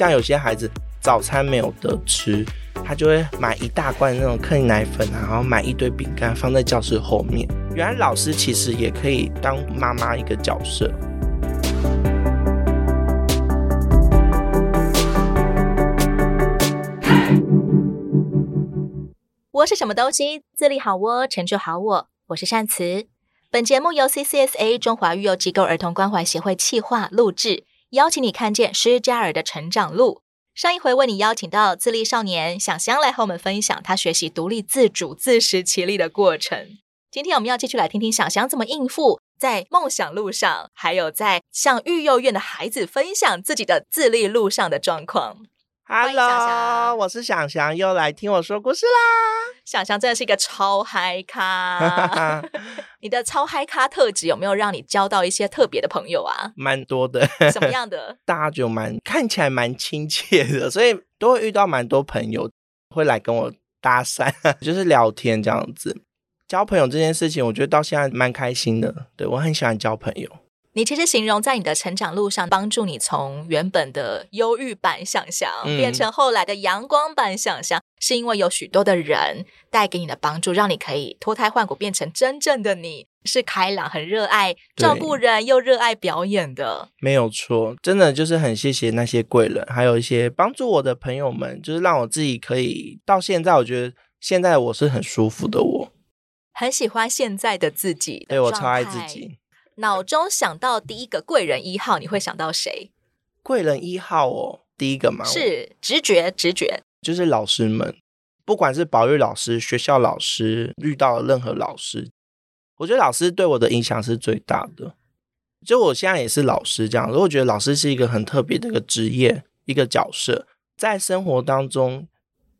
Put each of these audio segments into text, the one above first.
像有些孩子早餐沒有得吃，他就會買一大罐那種克寧奶粉啊，然後買一堆餅乾放在教室後面。原來老師其實也可以當媽媽一個角色。我是什麼東西？自立好我，成就好我。我是善慈。本節目由 CCSA 中華育幼機構兒童關懷協會企劃錄製。邀請你看見失家兒的成長路。上一回為你邀請到自立少年翔翔來和我們分享他學習獨立自主、自食其力的過程。今天我們要繼續來聽聽翔翔怎麼應付在夢想路上，還有在向育幼院的孩子分享自己的自立路上的狀況。Hello，我是翔翔,翔,翔,翔，又來聽我說故事啦。翔翔,翔真的是一個超嗨咖， 你的超嗨咖特質有沒有讓你交到一些特別的朋友啊？蠻多的，什麼樣的？ 大家就蠻看起來蠻親切的，所以都會遇到蠻多朋友會來跟我搭訕，就是聊天這樣子。交朋友這件事情，我覺得到現在蠻開心的，對，我很喜歡交朋友。你其實形容在你的成長路上幫助你從原本的憂鬱版想象變成後來的陽光版想象，嗯，是因為有許多的人帶給你的幫助，讓你可以脫胎換骨，變成真正的你是開朗、很熱愛照顧人又熱愛表演的。沒有錯，真的就是很謝謝那些貴人，還有一些幫助我的朋友們，就是讓我自己可以到現在，我覺得現在我是很舒服的我，我很喜歡現在的自己的。對，哎，我超愛自己。腦中想到第一個貴人一號，你會想到誰？貴人一號哦，第一個嗎？是直覺，直覺就是老師們，不管是保育老師、學校老師遇到任何老師，我覺得老師對我的影響是最大的。就我現在也是老師，這樣，如果我覺得老師是一個很特別的一個職業，一個角色。在生活當中，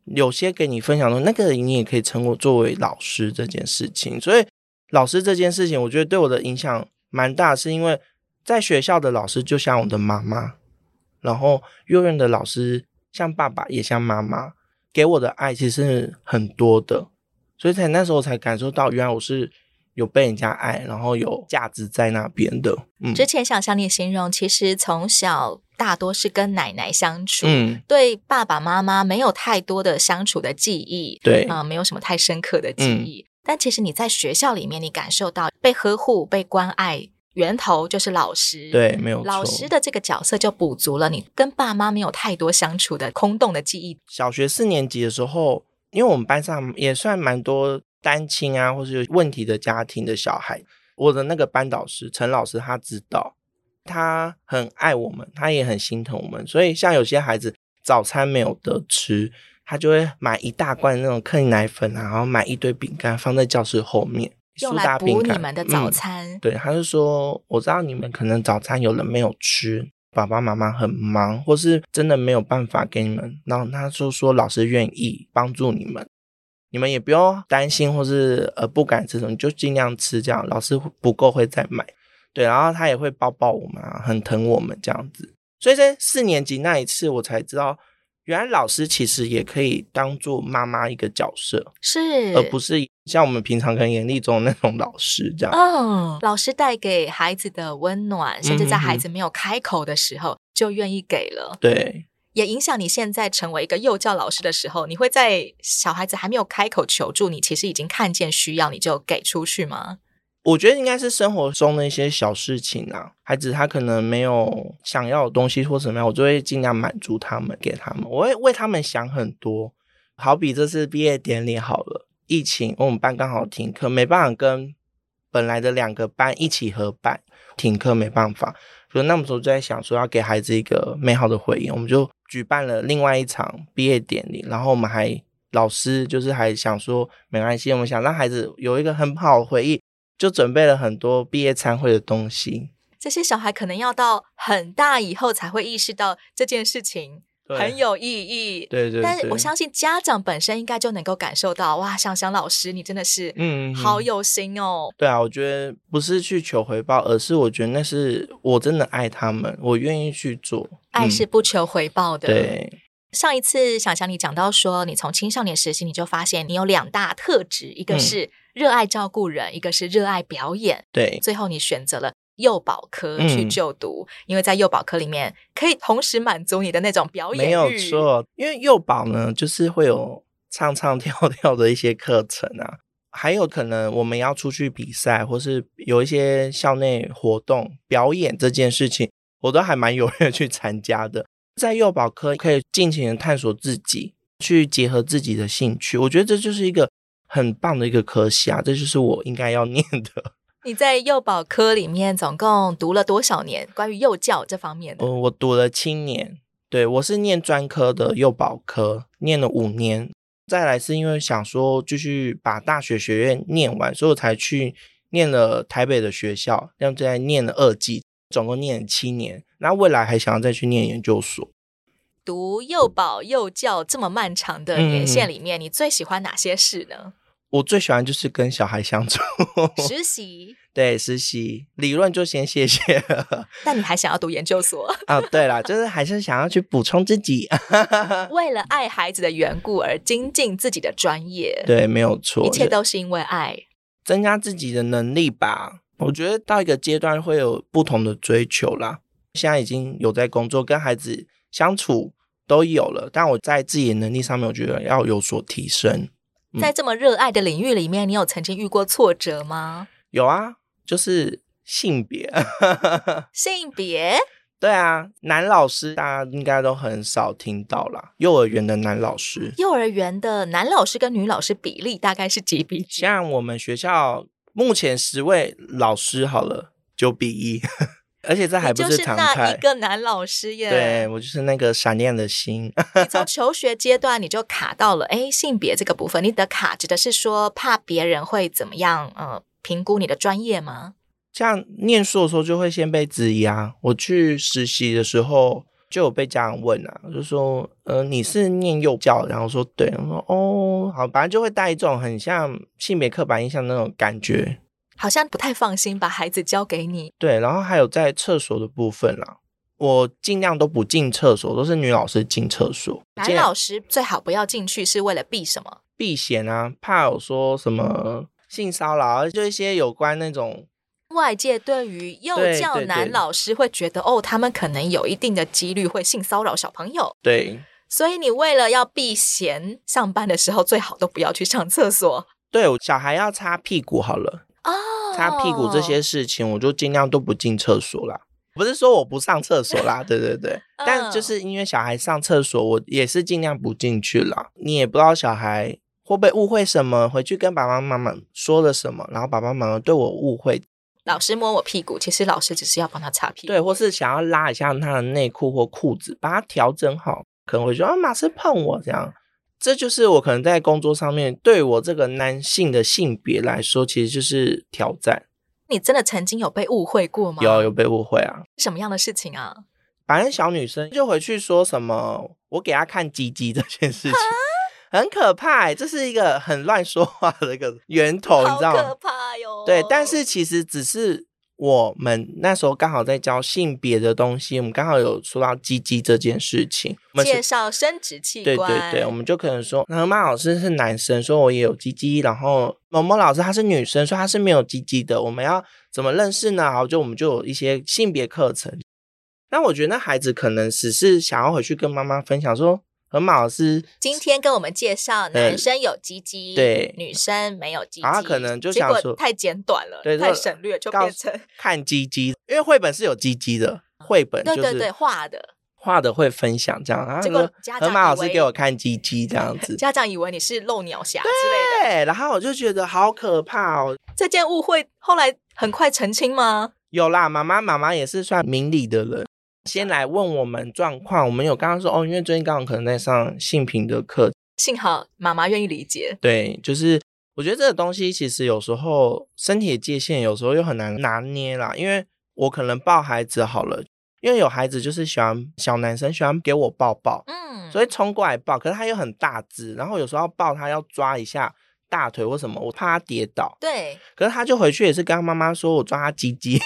有些給你分享的那個人，你也可以稱我作為老師這件事情。所以，老師這件事情，我覺得對我的影響。蠻大，是因為在學校的老師就像我的媽媽，然後幼兒園的老師像爸爸，也像媽媽，給我的愛其實很多的，所以才那時候才感受到，原來我是有被人家愛，然後有價值在那邊的。嗯，之前想象你形容，其實從小大多是跟奶奶相處，嗯，對爸爸媽媽沒有太多的相處的記憶，對，啊、呃，沒有什麼太深刻的記憶。嗯、但其實你在學校裡面，你感受到。被呵護、被關愛，源頭就是老師。對，沒有錯。老師的這個角色就補足了你跟爸媽沒有太多相處的空洞的記憶。小學四年級的時候，因為我們班上也算蠻多單親啊，或是有問題的家庭的小孩，我的那個班導師陳老師他，他知道他很愛我們，他也很心疼我們，所以像有些孩子早餐沒有得吃，他就會買一大罐那種克林奶粉啊，然後買一堆餅乾放在教室後面。蘇打餅乾，用來補你們的早餐。嗯，對，他就說，我知道你們可能早餐有人沒有吃，爸爸媽媽很忙，或是真的沒有辦法給你們，然後他就說，老師願意幫助你們，你們也不用擔心或是呃不敢吃什麼，就盡量吃，這樣老師不夠會再買，對，然後他也會抱抱我們，啊，很疼我們這樣子，所以在四年級那一次，我才知道。原來老師其實也可以當做媽媽一個角色，是，而不是像我們平常跟嚴厲中那種老師這樣。哦，老師帶給孩子的溫暖，甚至在孩子沒有開口的時候就願意給了。嗯，對，也影響你現在成為一個幼教老師的時候，你會在小孩子還沒有開口求助，你其實已經看見需要，你就給出去嗎？我覺得應該是生活中的一些小事情啊，孩子他可能沒有想要的東西或怎麼樣，我就會盡量滿足他們，給他們，我會為他們想很多。好比這次畢業典禮，好了，疫情我們班剛好停課，沒辦法跟本來的兩個班一起合辦，停課沒辦法，所以那麼時候就在想說要給孩子一個美好的回憶，我們就舉辦了另外一場畢業典禮，然後我們還老師就是還想說沒關係，我們想讓孩子有一個很好的回憶。就準備了很多畢業餐會的東西，這些小孩可能要到很大以後才會意識到這件事情很有意義。對對，對，但是我相信家長本身應該就能夠感受到，對對對，哇，翔翔老師你真的是，嗯，好有心哦、喔嗯。對啊，我覺得不是去求回報，而是我覺得那是我真的愛他們，我願意去做、嗯。愛是不求回報的。對。上一次翔翔你講到說，你從青少年時期你就發現你有兩大特質，一個是熱愛照顧人、嗯，一個是熱愛表演。對，最後你選擇了幼保科去就讀，嗯、因為在幼保科裡面可以同時滿足你的那種表演欲。沒有錯，因為幼保呢，就是會有唱唱跳跳的一些課程啊，還有可能我們要出去比賽，或是有一些校內活動表演這件事情，我都還蠻踊躍去參加的。在幼保科，可以盡情的探索自己，去結合自己的興趣。我覺得這就是一個很棒的一個科系啊！這就是我應該要念的。你在幼保科裡面總共讀了多少年？關於幼教這方面的？哦，我讀了七年。對，我是念專科的幼保科，念了五年。再來是因為想說繼續把大學學院念完，所以我才去念了台北的學校，這樣再念了二技，總共念了七年。那未來還想要再去念研究所。讀幼保幼教這麼漫長的年限裡面，嗯，你最喜歡哪些事呢？我最喜歡就是跟小孩相處， 實習，對，實習理論就先謝謝了。但你還想要讀研究所啊？哦？對啦，就是還是想要去補充自己， 為了愛孩子的緣故而精進自己的專業，對，沒有錯，一切都是因為愛，增加自己的能力吧。我覺得到一個階段會有不同的追求啦。現在已經有在工作，跟孩子相處都有了，但我在自己的能力上面，我覺得要有所提升，嗯。在這麼熱愛的領域裡面，你有曾經遇過挫折嗎？有啊，就是性別， 性別，對啊，男老師大家應該都很少聽到啦。幼兒園的男老師，幼兒園的男老師跟女老師比例大概是幾比幾？像我們學校目前十位老師，好了，九比一。 而且這還不是，就是那一個男老師耶，對，我就是那個閃亮的心。 你從求學階段你就卡到了，哎、欸，性別這個部分，你的卡指的是說怕別人會怎麼樣？呃，評估你的專業嗎？這樣念書的時候就會先被質疑啊。我去實習的時候就有被家長問啊，就說，嗯、呃，你是念幼教然，然後說，對，我說，哦，好，反正就會帶一種很像性別刻板印象那種感覺。好像不太放心把孩子交給你。對，然後還有在廁所的部分啦，我盡量都不進廁所，都是女老師進廁所。男老師最好不要進去，是為了避什麼？避嫌啊，怕有說什麼性騷擾，就一些有關那種外界對於幼教男老師會覺得哦，他們可能有一定的幾率會性騷擾小朋友。對，所以你為了要避嫌，上班的時候最好都不要去上廁所。對，我小孩要擦屁股好了。擦屁股這些事情，我就盡量都不進廁所了。不是說我不上廁所啦，對對對。但就是因為小孩上廁所，我也是盡量不進去了。你也不知道小孩會不會誤會什麼，回去跟爸爸媽媽說了什麼，然後爸爸媽媽對我誤會，老師摸我屁股，其實老師只是要幫他擦屁股，對，或是想要拉一下他的內褲或褲子，把他調整好，可能會說啊，老師碰我這樣。這就是我可能在工作上面，對我這個男性的性別來說，其實就是挑戰。你真的曾經有被誤會過嗎？有、啊，有被誤會啊。是什麼樣的事情啊？反正小女生就回去說什麼，我給她看雞雞這件事情，啊、很可怕、欸。這是一個很亂說話的一個源頭，啊、你知道嗎？可怕喲、哦。對，但是其實只是。我們那時候剛好在教性別的東西，我們剛好有說到雞雞這件事情，我們介紹生殖器官。對對對，我們就可能說，那馬老師是男生，說我也有雞雞，然後某某老師她是女生，說她是沒有雞雞的。我們要怎麼認識呢？然後就我們就有一些性別課程。那我覺得那孩子可能只是想要回去跟媽媽分享說。河馬老師今天跟我們介紹男生有雞雞，對，對女生沒有雞雞，然後他可能就想說果太簡短了，對，太省略就變成看雞雞，因為繪本是有雞雞的，繪本就是畫的，畫的會分享這樣啊。然後河馬老師給我看雞雞這樣子，家長以為你是露鳥俠之類的，對，然後我就覺得好可怕哦。這件誤會後來很快澄清嗎？有啦，媽媽媽媽也是算明理的人。先來問我們狀況。我們有剛剛說哦，因為最近剛剛可能在上性平的課，幸好媽媽願意理解。對，就是我覺得這個東西其實有時候身體的界限有時候又很難拿捏啦。因為我可能抱孩子好了，因為有孩子就是喜歡小男生喜歡給我抱抱，嗯，所以衝過來抱，可是他又很大只，然後有時候要抱他要抓一下大腿或什麼，我怕他跌倒。對，可是他就回去也是跟他媽媽說我抓他雞雞。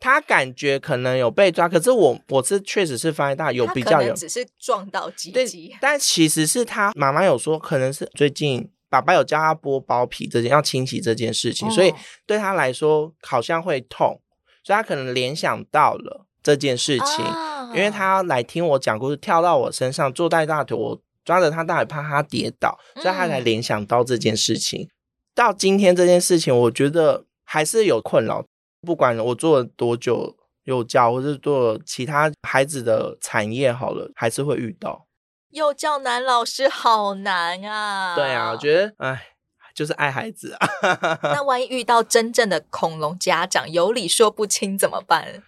他感覺可能有被抓，可是我我是確實是範圍大，有比較有，他只是撞到雞。對，但其實是他媽媽有說，可能是最近爸爸有教他剝包皮這件要清洗這件事情、嗯，所以對他來說好像會痛，所以他可能聯想到了這件事情，哦、因為他來聽我講故事，跳到我身上，坐在大腿，我抓着他大腿怕他跌倒，所以他才聯想到這件事情、嗯。到今天這件事情，我覺得還是有困擾。不管我做了多久幼教，或是做了其他孩子的產業好了，還是會遇到幼教男老師，好難啊！對啊，我覺得哎，就是愛孩子啊。 那萬一遇到真正的恐龍家長，有理說不清怎麼辦？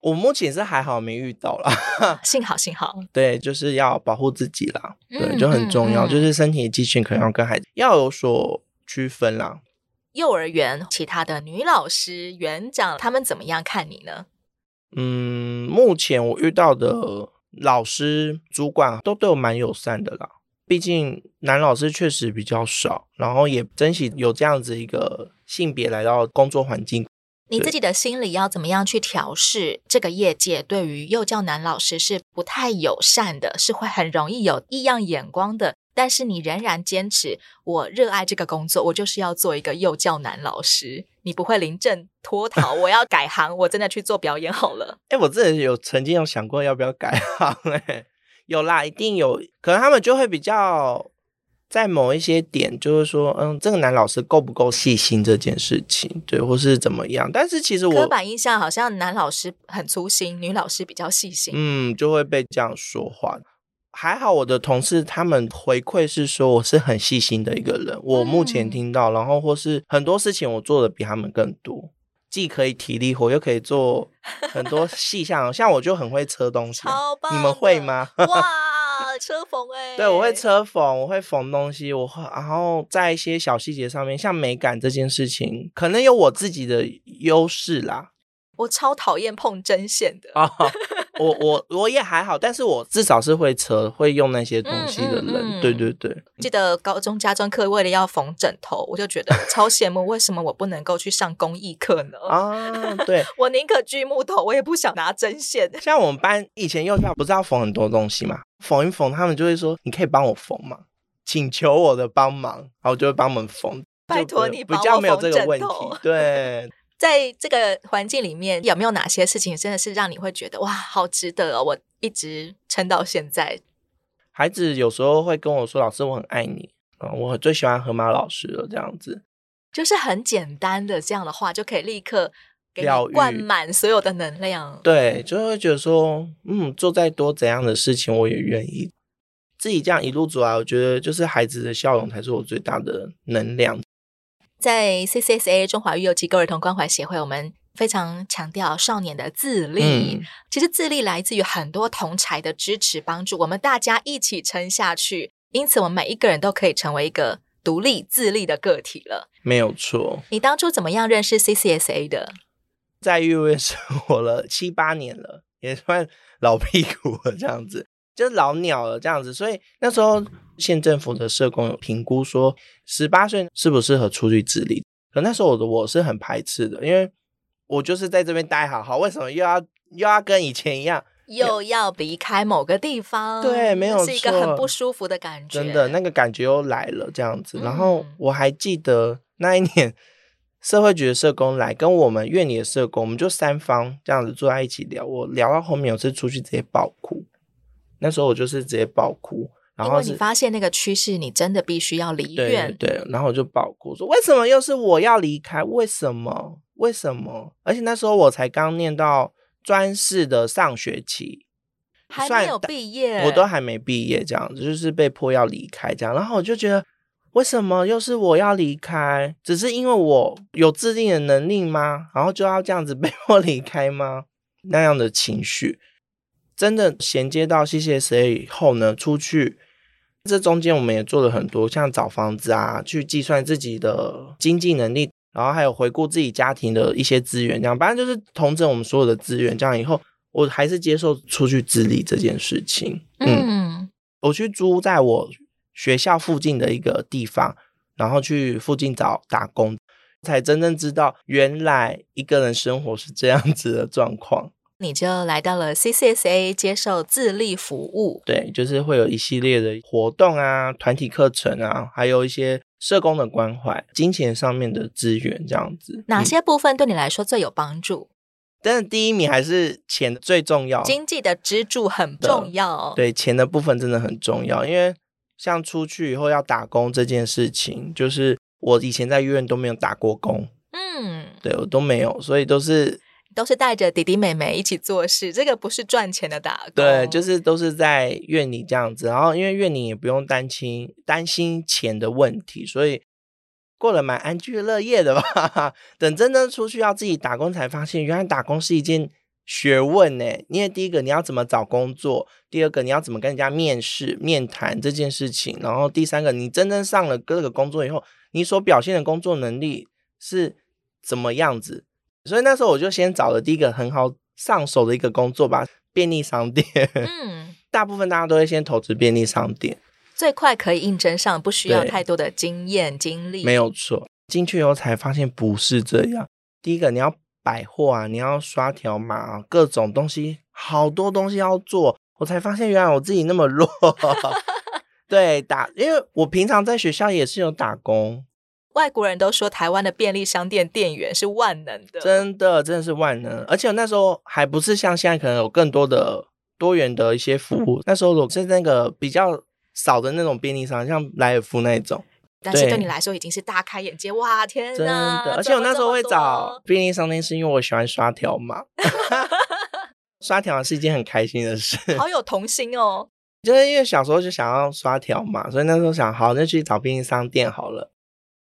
我目前是還好，沒遇到啦， 幸好幸好。對，就是要保護自己啦、嗯，對，就很重要。嗯嗯、就是身體的機器人可能要跟孩子、嗯、要有所區分啦。幼兒園其他的女老師、園長他們怎麼樣看你呢？嗯，目前我遇到的老師、主管都對我蠻友善的啦。畢竟男老師確實比較少，然後也珍惜有這樣子一個性別來到工作環境。你自己的心理要怎麼樣去調試？這個業界對於幼教男老師是不太友善的，是會很容易有異樣眼光的。但是你仍然堅持，我熱愛這個工作，我就是要做一個幼教男老師。你不會臨陣脫逃，我要改行， 我真的去做表演好了。哎、欸，我自己有曾經有想過要不要改行、欸，哎，有啦，一定有。可能他們就會比較在某一些點，就是說，嗯，這個男老師夠不夠細心這件事情，對，或是怎麼樣？但是其實我，刻板印象好像男老師很粗心，女老師比較細心。嗯，就會被這樣說話。還好我的同事他們回饋是說我是很細心的一個人，我目前聽到，嗯、然後或是很多事情我做的比他們更多，既可以體力活又可以做很多細項， 像我就很會車東西超棒，你們會嗎？哇，車縫哎， 對，我會車縫，我會縫東西，我會，然後在一些小細節上面，像美感這件事情，可能有我自己的優勢啦。我超討厭碰針線的。Oh. 我我我也還好，但是我至少是會車會用那些東西的人、嗯嗯嗯，對對對。記得高中家政課為了要縫枕頭，我就覺得超羨慕， 為什麼我不能夠去上工藝課呢？啊，對， 我寧可鋸木頭，我也不想拿針線。像我們班以前幼教不是要縫很多東西嘛，縫一縫，他們就會說：“你可以幫我縫嗎？”請求我的幫忙，然後就會幫我們縫。拜托你，比較沒有這個問題。對。在這個環境裡面，有沒有哪些事情真的是讓你會覺得哇，好值得哦，我一直撐到現在。孩子有時候會跟我說：“老師，我很愛你啊，嗯，我最喜歡河馬老師了。”這樣子，就是很簡單的這樣的話，就可以立刻給你灌滿所有的能量。對，就會覺得說，嗯，做再多怎樣的事情，我也願意。自己這樣一路走來。我覺得，就是孩子的笑容才是我最大的能量。在 CCSA 中華育幼機構兒童關懷協會，我們非常強調少年的自立。嗯。其實自立來自於很多同儕的支持幫助，我們大家一起撐下去，因此我們每一個人都可以成為一個獨立自立的個體了。沒有錯。你當初怎麼樣認識 CCSA 的？在育幼院生活了七八年了，也算老屁股了，這樣子。就是老鳥了這樣子，所以那時候縣政府的社工有評估說十八歲適不適合出去自立，可那時候我的我是很排斥的，因為我就是在這邊待好好，為什麼又要又要跟以前一樣，又要離開某個地方？對，沒有錯，是一個很不舒服的感覺，真的那個感覺又來了這樣子。嗯、然後我還記得那一年社會局的社工來跟我們院裡的社工，我們就三方這樣子坐在一起聊，我聊到後面有次出去直接爆哭。那時候我就是直接爆哭，然後你發現那個趨勢，你真的必須要離院。對，對，對，然後我就爆哭說：“為什麼又是我要離開？為什麼？為什麼？”而且那時候我才剛念到專四的上學期，還沒有畢業，我都還沒畢業，這樣子就是被迫要離開這樣。然後我就覺得，為什麼又是我要離開？只是因為我有自定的能力嗎？然後就要這樣子被迫離開嗎？那樣的情緒。真的銜接到 CCSA 以後呢，出去，這中間我們也做了很多，像找房子啊，去計算自己的經濟能力，然後還有回顧自己家庭的一些資源，這樣反正就是重整我們所有的資源，這樣以後我還是接受出去自立這件事情。嗯嗯，我去租在我學校附近的一個地方，然後去附近找打工，才真正知道原來一個人生活是這樣子的狀況。你就來到了 CCSA 接受自立服務，對，就是會有一系列的活動啊、團體課程啊，還有一些社工的關懷、金錢上面的資源這樣子。哪些部分對你來說最有幫助？嗯、但是，第一名還是錢最重要的，經濟的支柱很重要、哦。對，錢的部分真的很重要，因為像出去以後要打工這件事情，就是我以前在醫院都沒有打過工，嗯，對我都沒有，所以都是。都是帶着弟弟妹妹一起做事，這個不是賺錢的打工。對，就是都是在院裡這樣子，然後因為院裡也不用擔心擔心錢的問題，所以過了蠻安居樂業的吧。 等真正出去要自己打工，才發現原來打工是一件學問呢、欸。因為第一個你要怎麼找工作，第二個你要怎麼跟人家面試面談這件事情，然後第三個你真正上了各個工作以後，你所表現的工作能力是怎麼樣子。所以那時候我就先找了第一個很好上手的一個工作吧，便利商店。嗯， 大部分大家都會先投資便利商店，最快可以應徵上，不需要太多的經驗經歷。沒有錯，進去以後才發現不是這樣。第一個你要擺貨啊，你要刷條碼啊，各種東西，好多東西要做。我才發現原來我自己那麼弱。 對，打，因為我平常在學校也是有打工。外國人都說台灣的便利商店店員是萬能的，真的，真的是萬能。而且我那時候還不是像現在，可能有更多的多元的一些服務。那時候我是那個比較少的那種便利商，像萊爾富那種。但是對你來說已經是大開眼界哇！天哪，真的，而且我那時候會找便利商店，是因為我喜歡刷條碼， 刷條是一件很開心的事。好有童心哦，就是因為小時候就想要刷條碼，所以那時候想好，那就去找便利商店好了。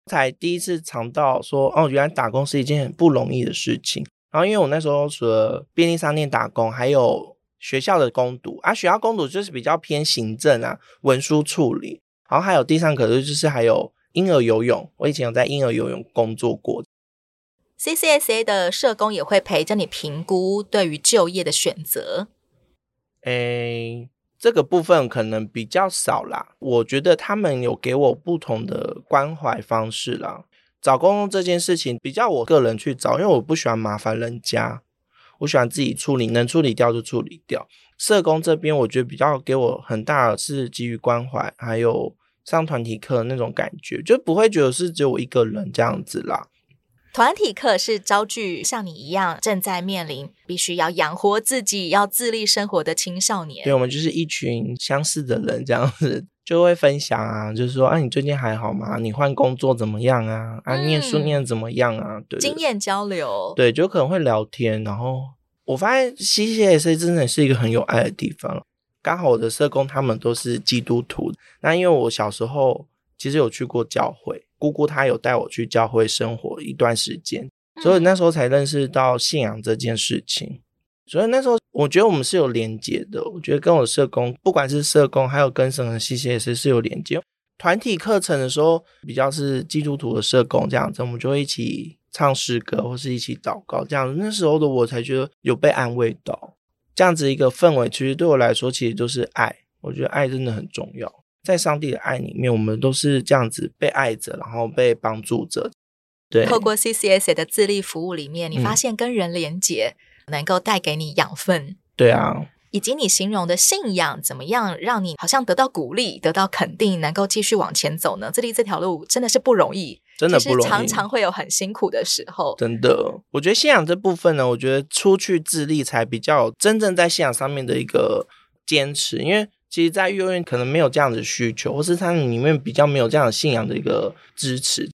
才第一次嘗到說哦，原來打工是一件很不容易的事情。然後因為我那時候除了便利商店打工，還有學校的工讀啊，學校工讀就是比較偏行政啊，文書處理，然後還有第三個就是還有嬰兒游泳，我以前有在嬰兒游泳工作過。CCSA 的社工也會陪着你評估對於就業的選擇。誒、欸。這個部分可能比較少啦，我覺得他們有給我不同的關懷方式啦。找工作這件事情比較，我個人去找，因為我不喜歡麻煩人家，我喜歡自己處理，能處理掉就處理掉。社工這邊我覺得比較給我很大的是給予關懷，還有上團體課那種感覺，就不會覺得是只有我一個人這樣子啦。團體課是招聚像你一樣正在面臨必須要養活自己、要自立生活的青少年。對，我們就是一群相似的人，這樣子就會分享啊，就是說，啊，你最近還好嗎？你換工作怎麼樣啊、嗯？啊，念書念怎麼樣啊？對，經驗交流，對，就可能會聊天。然後我發現 CCSA 真的是一個很有愛的地方。剛好我的社工他們都是基督徒，那因為我小時候其實有去過教會。姑姑她有帶我去教會生活一段時間，所以那時候才認識到信仰這件事情。所以那時候我覺得我們是有連接的，我覺得跟我社工，不管是社工，還有跟神的系些也是，是有連接。團體課程的時候，比較是基督徒的社工這樣子，我們就會一起唱詩歌或是一起禱告這樣子。那時候的我才覺得有被安慰到，這樣子一個氛圍，其實對我來說，其實就是愛。我覺得愛真的很重要。在上帝的愛裡面，我們都是這樣子被愛着，然後被幫助着。對，透過 CCSA 的自立服務裡面，嗯、你發現跟人連接能夠帶給你養分。對啊，以及你形容的信仰，怎麼樣讓你好像得到鼓勵、得到肯定，能夠繼續往前走呢？自立這條路真的是不容易，真的不容易，常常會有很辛苦的時候。真的，我覺得信仰這部分呢，我覺得出去自立才比較真正在信仰上面的一個堅持，因為。其實，在育幼院可能沒有這樣的需求，或是他裡面比較沒有這樣的信仰的一個支持。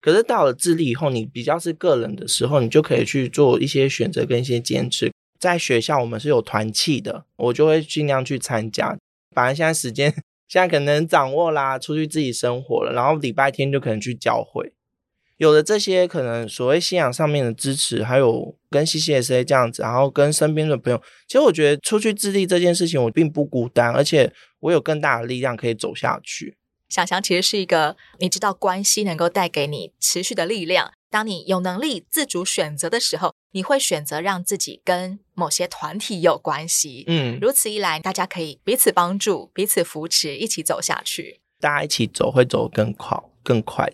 可是到了自立以後，你比較是個人的時候，你就可以去做一些選擇跟一些堅持。在學校，我們是有團契的，我就會盡量去參加。反正現在時間現在可能掌握啦，出去自己生活了，然後禮拜天就可能去教會。有了這些可能所謂信仰上面的支持，還有跟 CCSA 這樣子，然後跟身邊的朋友，其實我覺得出去自立這件事情，我並不孤單，而且我有更大的力量可以走下去。想像其實是一個，你知道關係能夠帶給你持續的力量。當你有能力自主選擇的時候，你會選擇讓自己跟某些團體有關係。嗯，如此一來，大家可以彼此幫助，彼此扶持，一起走下去。大家一起走會走得更快，更快。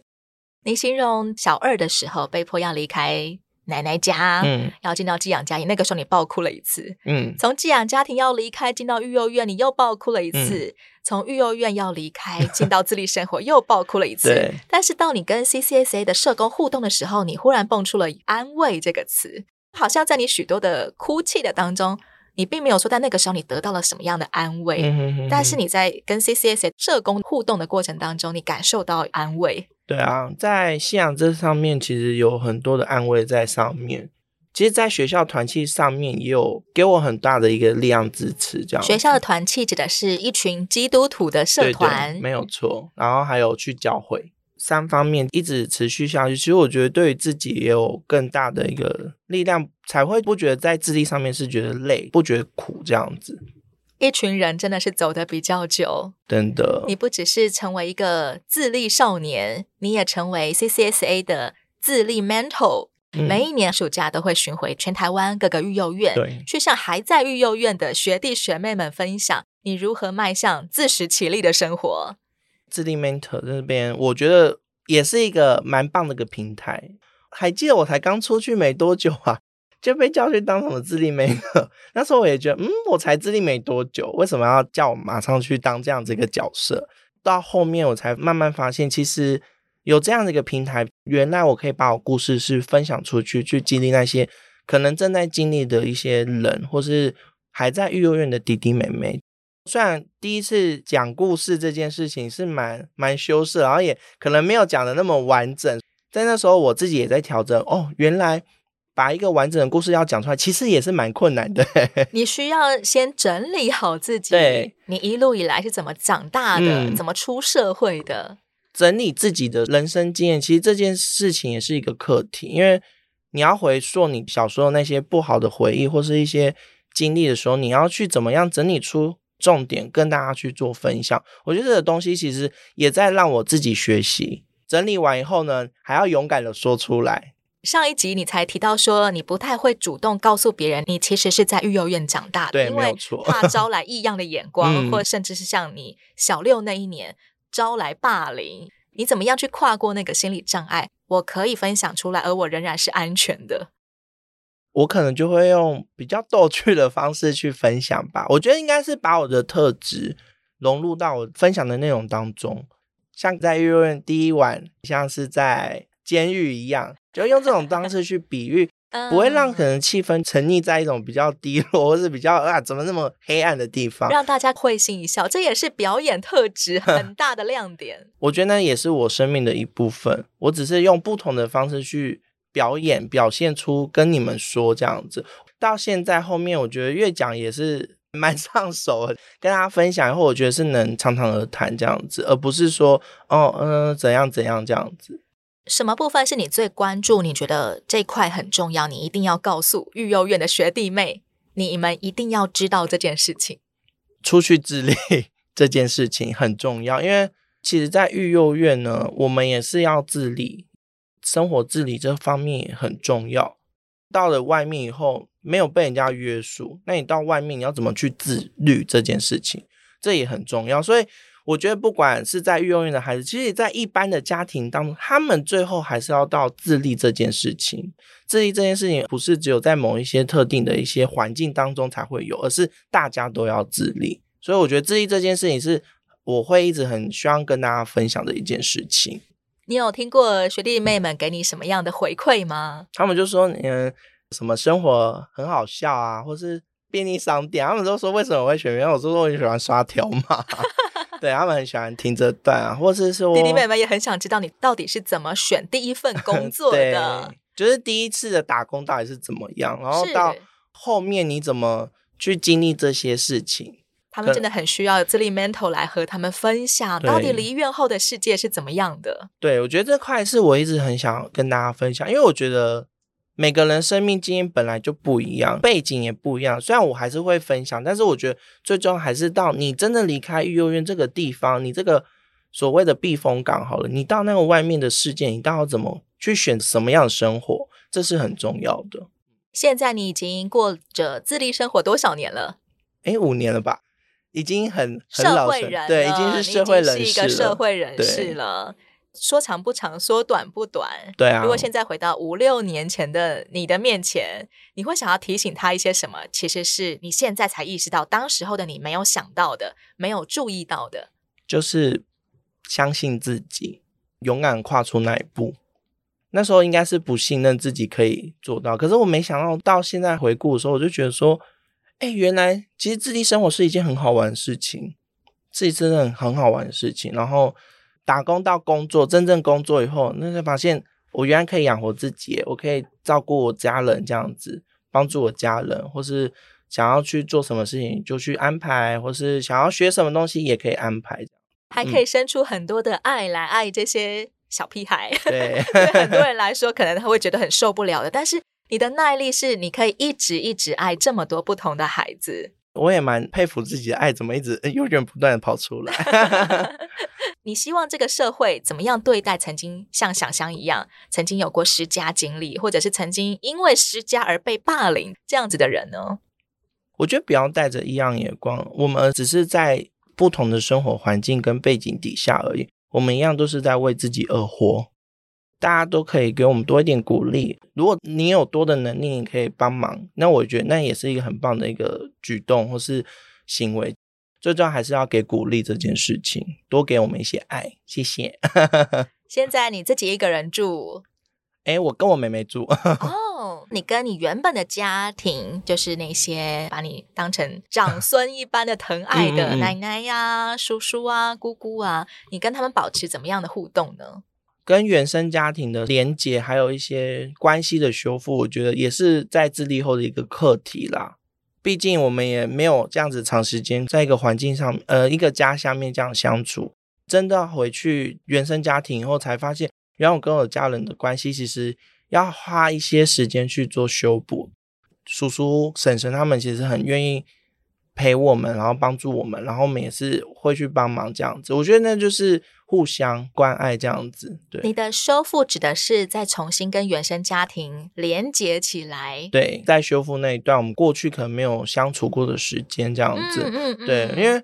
你形容小二的時候，被迫要離開奶奶家，嗯，要進到寄養家庭，那個時候你爆哭了一次，嗯，從寄養家庭要離開，進到育幼院，你又爆哭了一次，嗯、從育幼院要離開，進到自立生活 又爆哭了一次。但是到你跟 CCSA 的社工互動的時候，你忽然蹦出了“安慰”這個詞，好像在你許多的哭泣的當中，你並沒有說在那個時候你得到了什麼樣的安慰、嗯哼哼哼，但是你在跟 CCSA 社工互動的過程當中，你感受到安慰。對啊，在信仰這上面其實有很多的安慰在上面。其實，在學校團契上面也有給我很大的一個力量支持，這樣。學校的團契指的是一群基督徒的社團。對對，沒有錯。然後還有去教會，三方面一直持續下去。其實我覺得對於自己也有更大的一個力量，才會不覺得在智力上面是覺得累，不覺得苦這樣子。一群人真的是走得比較久，真的。你不只是成為一個自立少年，你也成為 CCSA 的自立 mentor。每一年暑假都會巡回全台灣各個育幼院，對，去向還在育幼院的學弟學妹們分享你如何邁向自食其力的生活。自立 mentor 這邊，我覺得也是一個蠻棒的個平台。還記得我才剛出去沒多久啊。就被叫去當什麼自立妹了。 那時候我也覺得，嗯，我才自立沒多久，為什麼要叫我馬上去當這樣子一個角色？到後面我才慢慢發現，其實有這樣的一個平台，原來我可以把我故事是分享出去，去激勵那些可能正在經歷的一些人，或是還在育幼院的弟弟妹妹。雖然第一次講故事這件事情是蠻蠻羞澀，然後也可能沒有講得那麼完整，在那時候我自己也在調整。哦，原來。把一個完整的故事要講出來，其實也是蠻困難的。 你需要先整理好自己，對你一路以來是怎麼長大的、嗯，怎麼出社會的，整理自己的人生經驗。其實這件事情也是一個課題，因為你要回溯你小時候那些不好的回憶或是一些經歷的時候，你要去怎麼樣整理出重點，跟大家去做分享。我覺得這個東西其實也在讓我自己學習。整理完以後呢，還要勇敢的說出來。上一集，你才提到說，你不太會主動告訴別人，你其實是在育幼院長大的，對，因為怕招來異樣的眼光、 嗯，或甚至是像你小六那一年招來霸凌。你怎麼樣去跨過那個心理障礙？我可以分享出來，而我仍然是安全的。我可能就會用比較逗趣的方式去分享吧。我覺得應該是把我的特質融入到我分享的內容當中，像在育幼院第一晚，像是在。監獄一樣，就用這種方式去比喻，不會讓可能氣氛沉溺在一種比較低落或是比較啊怎麼那麼黑暗的地方，讓大家會心一笑，這也是表演特質很大的亮點。 我覺得那也是我生命的一部分，我只是用不同的方式去表演，表現出跟你們說這樣子。到現在後面，我覺得越講也是蠻上手的，跟大家分享以後，我覺得是能暢暢而談這樣子，而不是說哦嗯、呃、怎樣怎樣這樣子。什麼部分是你最關注？你覺得這塊很重要，你一定要告訴育幼院的學弟妹，你們一定要知道這件事情。出去自立這件事情很重要，因為其實，在育幼院呢，我們也是要自理，生活自理這方面也很重要。到了外面以後，沒有被人家約束，那你到外面你要怎麼去自律這件事情，這也很重要。所以。我覺得不管是在育幼院的孩子，其實，在一般的家庭當中，他們最後還是要到自立這件事情。自立這件事情不是只有在某一些特定的一些環境當中才會有，而是大家都要自立。所以，我覺得自立這件事情是我會一直很希望跟大家分享的一件事情。你有聽過學弟妹們給你什麼樣的回饋嗎？他們就說：“嗯，什麼生活很好笑啊，或是便利商店，他們都說為什麼我會選，因為我說說我很喜歡刷條碼。 ”對，他們很喜歡聽這段啊，或者是說弟弟妹妹也很想知道你到底是怎麼選第一份工作的， 對，就是第一次的打工到底是怎麼樣，然後到後面你怎麼去經歷這些事情，他們真的很需要這裡 mentor 來和他們分享，到底離院後的世界是怎麼樣的。對。對，我覺得這塊是我一直很想跟大家分享，因為我覺得。每個人生命經驗本來就不一樣，背景也不一樣。雖然我還是會分享，但是我覺得最終還是到你真的離開育幼院這個地方，你這個所謂的避風港好了，你到那個外面的世界，你到要怎麼去選什麼樣的生活，這是很重要的。現在你已經過着自立生活多少年了？哎，五年了吧，已經很很老成了。對，已經是社會人，是一個社會人士了。說長不長，說短不短。對啊。如果現在回到五六年前的你的面前，你會想要提醒他一些什麼？其實是你現在才意識到，當時候的你沒有想到的，沒有注意到的，就是相信自己，勇敢跨出那一步。那時候應該是不信任自己可以做到，可是我沒想到，到現在回顧的時候，我就覺得說，哎，原來其實自己生活是一件很好玩的事情，自己真的很很好玩的事情，然後。打工到工作，真正工作以後，那才發現我原來可以養活自己，我可以照顧我家人，這樣子幫助我家人，或是想要去做什麼事情就去安排，或是想要學什麼東西也可以安排，嗯、還可以生出很多的愛來愛這些小屁孩。對， 對很多人來說，可能他會覺得很受不了的，但是你的耐力是你可以一直一直愛這麼多不同的孩子。我也蠻佩服自己的愛，怎麼一直源源不斷地跑出來。 你希望這個社會怎麼樣對待曾經像翔翔一樣，曾經有過失家經歷，或者是曾經因為失家而被霸凌這樣子的人呢、哦？我覺得不要帶着異樣眼光，我們只是在不同的生活環境跟背景底下而已，我們一樣都是在為自己而活。大家都可以給我們多一點鼓勵。如果你有多的能力，你可以幫忙，那我覺得那也是一個很棒的一個舉動或是行為。最重要還是要給鼓勵這件事情，多給我們一些愛，謝謝。 現在你自己一個人住？哎、欸，我跟我妹妹住。 哦，你跟你原本的家庭，就是那些把你當成長孫一般的疼愛的 嗯嗯嗯。奶奶呀、啊、叔叔啊、姑姑啊，你跟他們保持怎麼樣的互動呢？跟原生家庭的連結，還有一些關係的修復，我覺得也是在自立後的一個課題啦。畢竟我們也沒有這樣子長時間在一個環境上，呃，一個家下面這樣相處。真的要回去原生家庭以後，才發現原來我跟我家人的關係，其實要花一些時間去做修補。叔叔、嬸嬸他們其實很願意陪我們，然後幫助我們，然後我們也是會去幫忙這樣子。我覺得那就是。互相關愛這樣子，對，你的修復指的是再重新跟原生家庭連接起來，對，在修復那一段我們過去可能沒有相處過的時間這樣子，嗯嗯嗯對，因為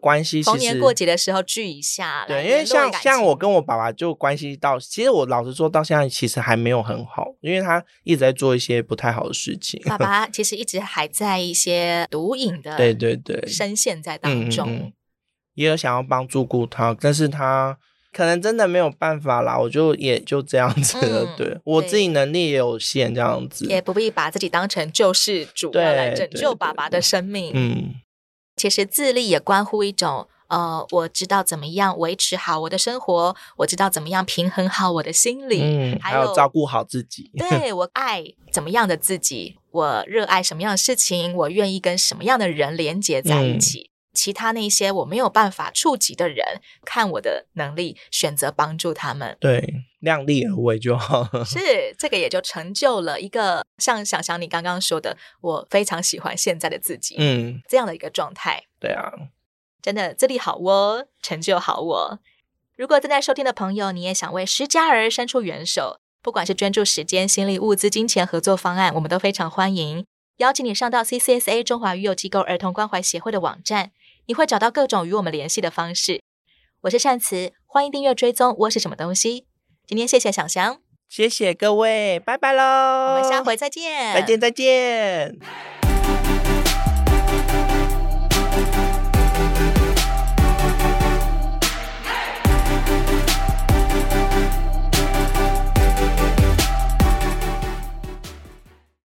關係，逢年過節的時候聚一下，對，因為像像我跟我爸爸就關係到，其實我老實說到現在其實還沒有很好，因為他一直在做一些不太好的事情，爸爸其實一直還在一些毒癮的， 對對對，深陷在當中。也有想要幫助過他，但是他可能真的沒有辦法啦。我就也就這樣子了。嗯、對，我自己能力也有限，這樣子也不必把自己當成救世主來拯救爸爸的生命。對對對，嗯，其實自立也關乎一種呃，我知道怎麼樣維持好我的生活，我知道怎麼樣平衡好我的心理，嗯、還有，還有照顧好自己。 對，我愛怎麼樣的自己，我熱愛什麼樣的事情，我願意跟什麼樣的人連接在一起。嗯其他那些我沒有辦法觸及的人，看我的能力，選擇幫助他們。對，量力而為就好。是，這個也就成就了一個像翔翔你剛剛說的，我非常喜歡現在的自己。嗯，這樣的一個狀態。對啊，真的自立好我、哦，成就好我。如果正在收聽的朋友，你也想為失家兒伸出援手，不管是捐助時間、心理物資、金錢合作方案，我們都非常歡迎。邀請你上到 CCSA 中華育幼機構兒童關懷協會的網站。你會找到各種與我們聯繫的方式。我是善慈，歡迎訂閱追蹤我是什麼東西。今天謝謝小翔，謝謝各位，拜拜嘍，我們下回再見，再見再見。